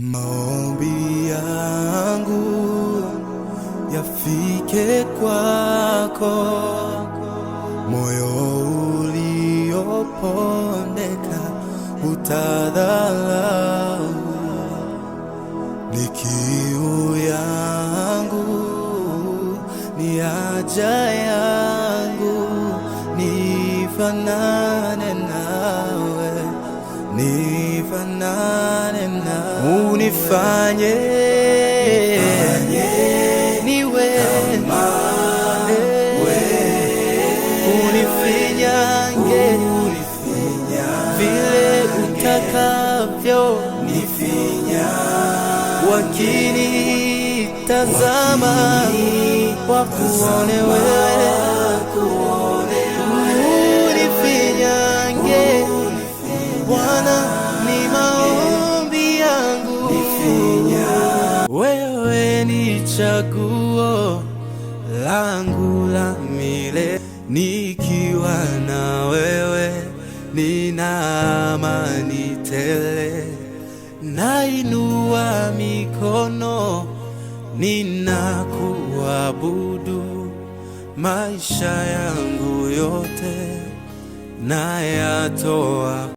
Maombi yangu yafike kwako, moyo uliopondeka utadhalau, ni kiu yangu, ni haja yangu, nifanane nawe nifanane na unifanye niwe unifinyange vile utakavyo wakini tazama wakuone wewe ni chaguo langu la mile. Nikiwa na wewe nina amani tele, nainua mikono ninakuabudu, maisha yangu yote nayatoa.